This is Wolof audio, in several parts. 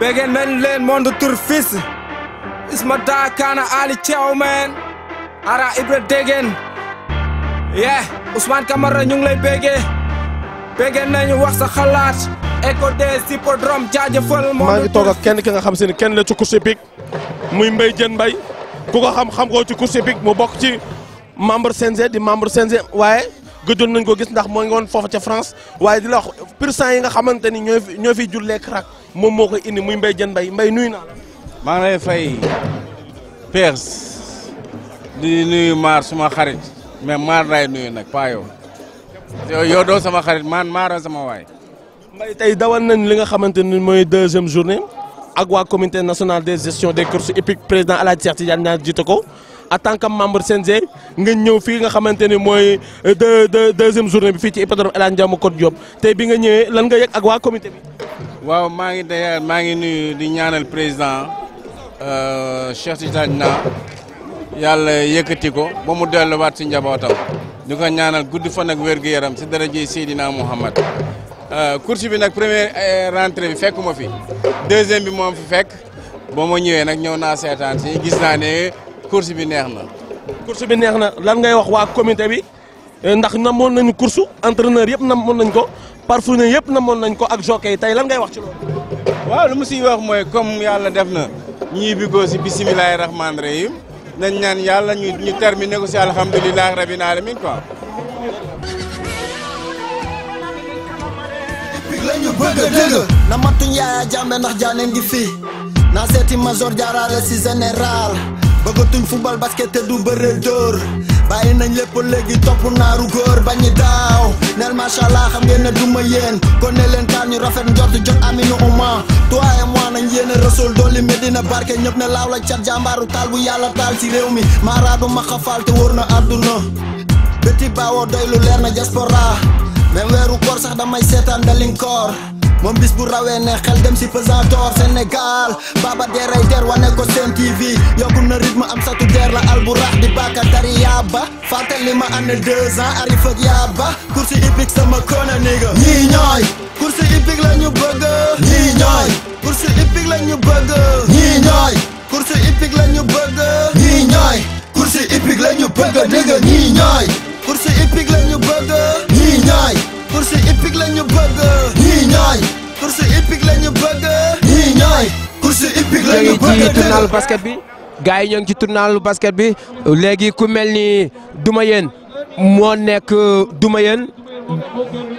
béggee nañ leen monde turfis isma daa kaana Ali Thiaw meen ara Ibra Degen ye Ousmane Camara ñu ngi lay béggee béggee nañu wax sa xalaat écho des hippodromes jaajëfal maa ngi toog ak kenn ki nga xam si ne kenn la ci course hippique muy Mbaye Diène Mbaye ku ko xam xam ko ci course hippique mu bokk ci membre CNG di membre CNG waaye gëjoon nañ ko gis ndax moo ngi woon foofu ca France waaye di la wax pourcent yi nga xamante ni ñoo fi ñoo lekk jullee moom moo koy indi muy mbay Diène mbay mbay nuyu naa maa nga lay fay Perse di nuyu maar suma xarit mais maar laay nuyu nag pas yow yow doo sama xarit man maara sama waay. Mbaye tey dawal nañ li nga xamante ni mooy deuxième journée ak waa comité national de gestion des courses hippiques président El Hadj Cheikh Tidiane Niang ko en tant que membre CNG nga ñëw fii nga xamante ni mooy deux deuxième journée bi fii ci hippodrome El Hadj Ndiaye Macodou Diop tey bi nga ñëwee lan nga yëg ak waa comité waaw maa ngi day maa ngi nuyu di ñaanal président si euh, Tidiane na yàlla yëkkati ko ba mu delluwaat si njabootam di ko ñaanal gudd fan ak wér-gu-yaram si daraje Seydina Mouhamad euh, course bi nag première euh, rentrée bi fekkuma fi deuxième bi moom fi fekk ba ma ñëwee nag ñëw naa seetaan si gis naa ne course bi neex na. course bi neex na lan ngay wax waa comité bi ndax namoon nañu course entraîneur yëpp namoon nañ ko. parfois yëpp namoon nañ ko ak yi tey lan ngay wax ci loolu. waaw lu mu siy wax mooy comme yàlla def na ñuy bigoo si bisimilahi rahman rahim nañ ñaan yàlla ñu ñu terminé ko si alhamdulilah rabbil alamin quoi. na matuñ yaaya jàmbe ndax jaane ngi fi naa seeti major jaarale si général bëggatuñ football basket te du bëre dóor bàyyi nañ lépp léegi topp naaru góor bañi daaw neel macha allah xam ngeen ne duma yéen kon ne leen taal ñu rafet njort jot aminu uma toi et moi nañ yéen a rasul dolli Medina barke ñëpp ne laaw la cat jàmbaaru taal bu yàlla taal ci réew mi maaraadu xafaal te wóor na àdduna béti baawoo doy leer na diaspora même weeru koor sax damay seetaan dalin moom bis bu rawee dem si pesantor Sénégal baba deray der wane ko seen TV yokku na rythme am satu der la al bu rax di bàkka tari yaaba fàttali ma am ne deux ans arif yaaba course hippique sama kona néega ñii ñooy course la ñu bëgg ñii ñooy course hippique la ñu bëgg ñii ñooy course hippique la ñu bëgg ñii ñooy course hippique la ñu bëgg. ñii ñooy. course hippique la ñu bëgg. ñii ñooy. course hippique la ñu bëgg ci tournoi basket bi. gars yi ñoo ngi ci tournoi basket bi léegi ku mel ni Doumayeen moo nekk Doumayeen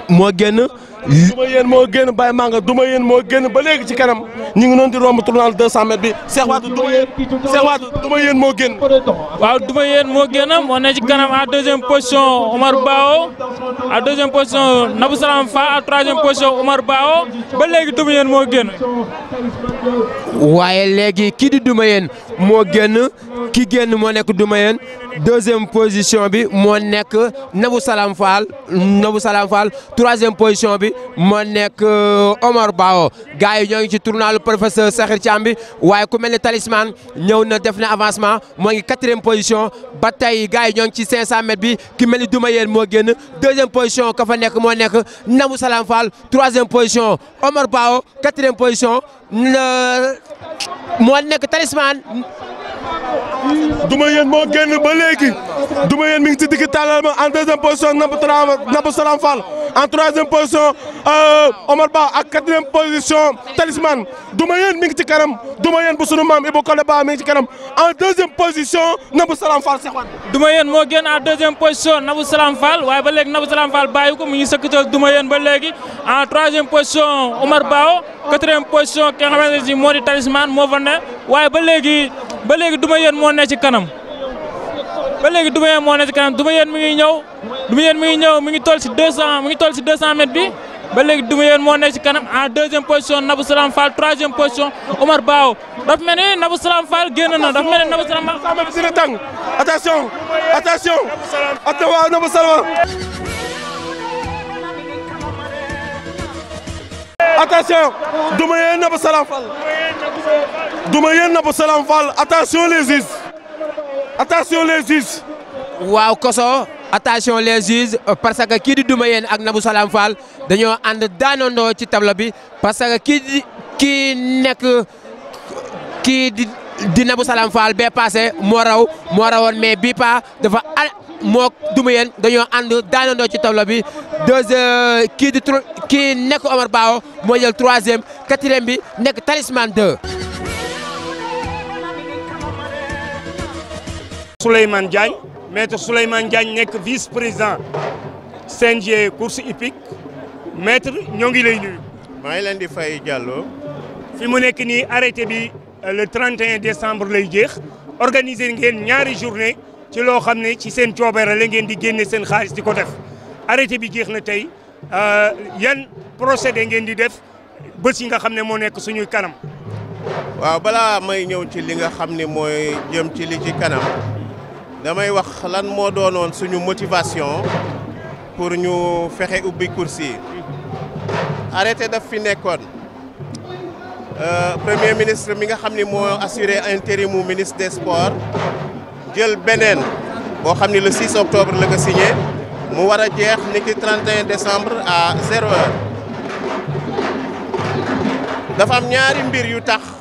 moo génn. duma yéen moo génn Baye Manga duma yéen moo génn ba léegi ci kanam ñu ngi noonu di romb tournant 200 mètres bi Cheikh Wade duma yéen Cheikh Wade duma yéen moo génn. waaw duma yéen moo génn moo ne ci kanam à deuxième position Omar Bao à deuxième position Nabou Salam Fa à troisième position Omar Bao ba léegi duma yéen moo génn. waaye léegi kii di duma yéen moo qui gagne, génn moo deuxième position bi mo nek Nabou Salam Fall Nabou Salam Fall troisième position bi mo nek euh, Omar Bao gars je ñoo ngi ci professeur Sakhir Thiam waye ku melni talisman ñëw na def na avancement mo ngi quatrième position bataille, gaay gars ñoo ngi ci 500 mètres bi ki mel ni deuxième position ka fa nek mo nek Salam Fall troisième position Omar Bao quatrième position. moo nekk talisman duma yéen moo génn ba léegi duma yéen mi ngi ci digg tàllal ma en deuxième position Nabou Salam Fall en troisième position euh, Omar Ba ak quatrième position Talisman duma yéen mi ngi kanam duma yéen bu sunu maam Ibou Kole Ba mi ngi ci kanam en deuxième position Nabou Salam Fall Cheikh Wane. duma yéen moo génn en deuxième position Nabou Salam Fall waaye ba léegi Nabou Salam Fall bàyyi ko mu ngi sëkkatoog duma yéen ba léegi en troisième position Omar Bao quatrième position moo di Talisman moo fa ba léegi duma yéen moo ne ci kanam ba léegi duma yéen moo ne ci kanam duma yéen mi ngi ñëw duma yéen mi ngi ñëw mi ngi tol si 200 mi ngi toll si 200 mètres bi ba léegi duma yéen moo ne ci kanam en deuxième position Nabou Salam Fall troisième position Omar Bao dafa mel ni Nabou Salam Fall génn na dafa mel ni Nabou Salam Fall dina tàng attention attention waaw Nabou Salam attention duma yéen duma na attention les juges attention les juges waaw koso attention les juges parce que qui di duma a ak Nabou Salam Fall dans ànd parce que qui qui kii que qui di di Salam passé mo mais bipa, pa dafa al duma yéen dañoo tableau bi deux euh, Omar jël troisième quatrième bi que talisman 2 Souleymane Diagne maître Souleymane Diagne nekk vice président CNG course hippique maître Nyongi ngi lay nuyu. maa ngi leen di fay Diallo. fi mu arrêté bi euh, le 31 décembre lay jeex organiser ngeen ñaari journée ci lo xamné ci seen coobere la ngeen di génné seen xaalis di ko def arrêté bi jeex na euh yeen procédé ngeen di def bés yi nga xamné mo nek nekk suñuy kanam. waaw bala may ñew ci li nga xamné moy jëm ci li ci kanam. Nous avons une motivation pour nous faire ubbi Arrêtez de arrêté Le euh, premier ministre a assuré un intérim au ministre des sports jël benen le 6 octobre Il a signé mu war a le 31 décembre à 0 h dafa am ñaari mbir yu tax.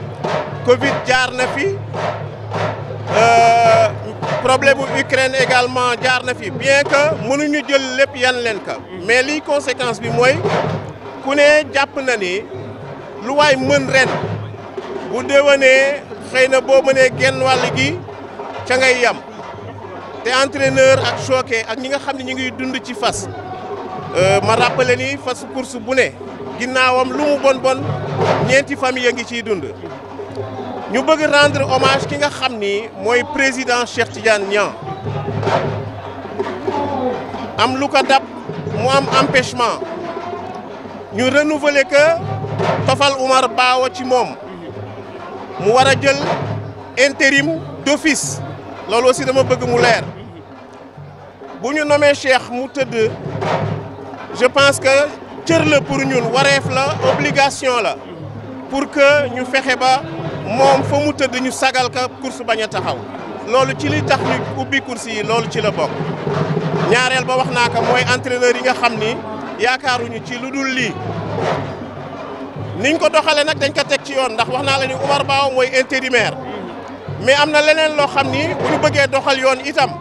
Covid jaar na fi euh, problème Ukraine également jaar na fi bien que mënuñu jël lepp yan len ko mais li conséquence bi moy ku ne jàpp na ni lu way mën ren bu déwénee xeyna bo boo mënee genn wàll gi ca ngay yam té entraîneur ak choqué ak ñi nga xam ne ngi dund ci fas euh, ma rappelé ni fas course bu ne lu mu bon bon ñenti famille a ngi dund ñu bëgg rendre hommage ki nga xam ni président Cheikh Tidiane Nian. am lu ko dab mu am empêchement ñu renouveler que Tafal Oumar Baawo ci moom mu jël intérim d'office loolu aussi dama bëgg mu leer bu ñu nommé Cheikh mu tëdd je pense que cër pour ñun wareef la obligation la pour que ñu fexe ba nous fa mu des ñu sagal ka course des taxaw lolu ci li tax course yi lolu ci la bok ñaarel ba nous entraîneur yi nga xamni yaakaaru ñu ci luddul li niñ ko dañ ko ci yoon ndax intérimaire mais des leneen lo xamni bu doxal yoon itam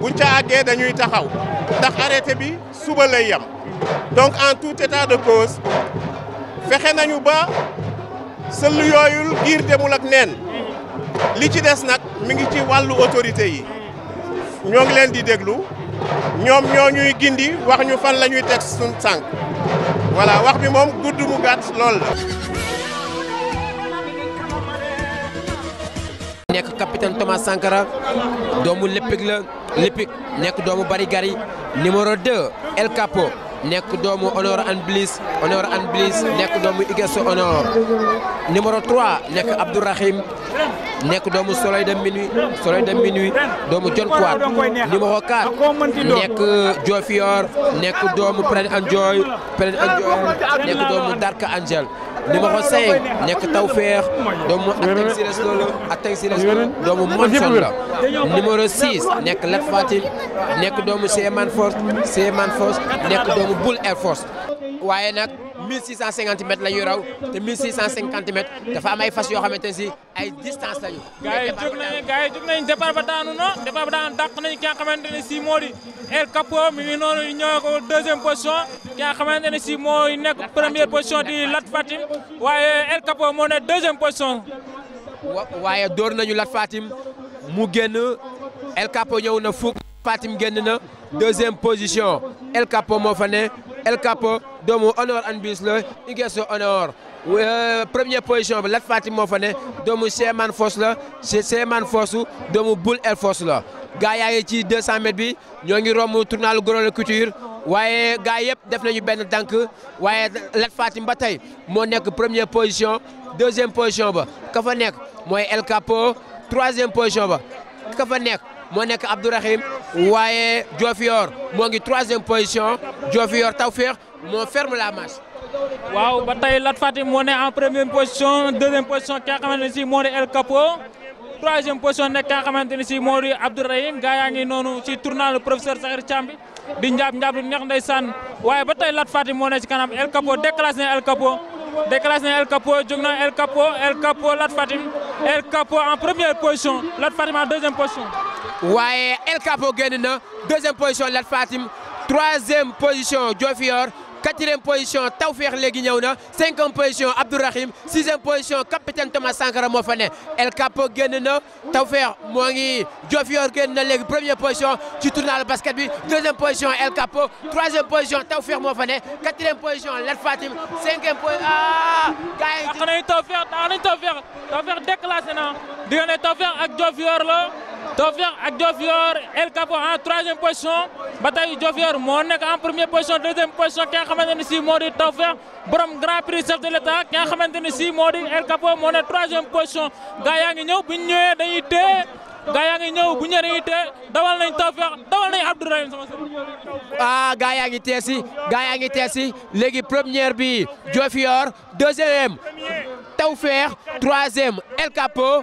buñ ca àggee dañuy taxaw ndax arrêté bi suba lay yam donc en tout état de cause fexe nañu ba. sëll yooyul giir demul ak nen li ci dess nak mi ngi ci walu autorité yi ñoo ngi len di déglu ñom ñoo ñuy gindi wax ñu fan lañuy tek sun sank wala wax bi mom gudd mu gàtt lol la nek capitaine Thomas Sankara domou Léppic la Léppic nek domou Bari Gari numéro 2 El Capo nekk doomu Honor and Bliss Honor and Bliss nekk doomu Igesso Honor numéro 3 nekk Abdourahim nekk doomu Soleil de Minuit Soleil de Minuit doomu John Quart numéro nekk Diofior nekk doomu Prince and Joy Prince and Joy nekk doomu Dark Angel numéro 5 nekk tawfeex doomu Atek Sires Lo la Atek Sires Lo doomu Monson la numéro 6 nekk Lat Fatim nekk doomu Seeman Force nekk doomu Bull Air waye nak 1650 mètres la ñuy raw té 1650 mètres dafa am ay fas yo xamanteni ay distance lañu gaay gars yi jóg nañu gars départ ba daanu na départ ba daanu dàq nañu ki nga si El Capo mi ngi nonu ñoo ko deuxième position ki xamanteni xamante ne si mooy nekk première position di Lat Fatim waye El Capo moo nekk deuxième position. waye door nañu Lat Fatim mu genn El Capo ñew na fuk Fatim genn na deuxième position El Capo mo fa ne. El Capo doomu Honor and Biz la Iguesso Honor euh, Premier position la Lat Fatim moo fa ne doomu Seeman Foss la Seeman Boul El Foss la gaa ci 200 mètres bi ñoo ngi le tournal culture. la Couture waaye gaa yëpp def nañu benn tank. waaye Lat Fatim ba première position deuxième position ba ka fa nekk El Capo troisième position ba ka fa nekk nekk Abdourahim waaye Diofior mon ngi troisième position Diofior Tawfekh mon ferme la masse. Wow, bataille la Lat Fatim en première position deuxième position ki nga xamante El Capo troisième position nekk ki nga Abdurrahim. ne si si tournant le professeur Sahir Chambi. Binjab, di njaab njaab lu neex ndeysaan waaye ba position. Fatim El Capo déclassé El Capo déclassé El Capo El Capo El Capo Lat Fatim El Capo en première position Lat Fatim en deuxième position. Ouais, El Capo génn deuxième position Lat Fatim troisième position Djofior quatrième position Taufer léegi cinquième position Abdourahim sixième position capitaine Thomas Sankara Mofane. El Capo génn na Tawfeex Djofior ngi première position, tu tournes première position ci basket deuxième position El Capo troisième position Taufer Mofane, quatrième position Lat Fatim cinquième position ah. gars yi est offert on est nañu Tawfeex déclassé on est offert avec Djofior là Diofior et Geoffior El Capo en troisième position Bataille tey Monek en première position deuxième position ki nga xamante ne si moo di grand prix chef de l'état ki nga xamante ne El Capo Monek, troisième position gaa yaa Bignoué, ñëw bu ñu Bignoué, dañuy téye gaa yaa dawal ah gaa si gaa si première bi deuxième Taufer, troisième El Capo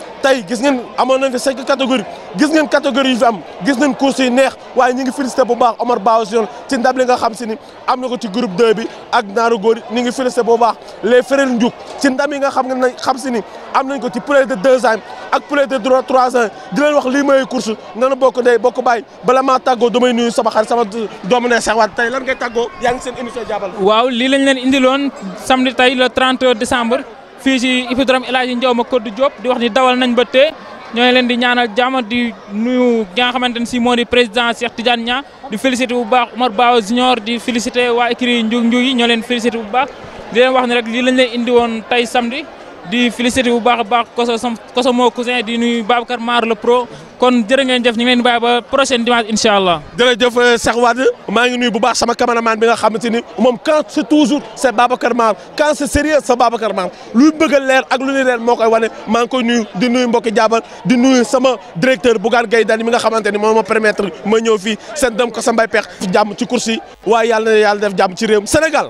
tey gis ngeen amoon nañ fi cinq catégorie gis ngeen catégorie fi am gis ngeen course yi neex waaye ñu ngi félicité bu baax Omar Ba si ci ndab li nga xam si ni am na ko ci grup 2 bi ak naaru góor ñu ngi félicité bu baax les frères Ndiouk ci ndam yi nga xam ne xam si ni am nañ ko ci poulets de deux ans ak poulets de trois ans di leen wax lii mooy course nana bokk day bokk bàyyi bala maa tàggoo damay nuyu sama xarit sama doomu ne Cheikh Wade tey lan ngay tàggoo yaa ngi seen émission jaabal lii lañ leen indiloon samedi le 30 décembre fii ci hippodrome El Hadji Ndiaw ma Codou Diop di wax ni dawal nañ ba tee ñoo ngi leen di ñaanal jàmm di nuyu ki nga xamante ne si moo di président Cheikh Tidiane Niang di félicité bu baax Omar Bawa Junior di félicité waa écurie Ndiouck Ndiouck yi ñoo leen félicité bu baax di wax ne rek lii lañ leen indi woon tey samedi. di félicité bu baax baax koso sam koso moo cousin di nuyu Babacar Mar le pro kon jërë ngeen jëf ñu ngi leen di ba prochaine dimanche inshallah allah. jërëjëf euh, Cheikh Wade ma ngi nuyu bu baax sama cameraman bi nga xamanteni mom quand c'est toujours c'est Babacar Mar quand c'est sérieux c'est Babacar Mar lu bëgg leer ak lu ni leer moo koy wane ma ngi koy nuyu di nuyu mbokki jàppal di nuyu sama directeur Bougane Gueye Dany mi nga xamanteni ni ma permettre ma ñëw fi seen dem ko sa mbay pex jàmm ci course yi waaye yàlla na yàlla def jàmm ci réewum Sénégal.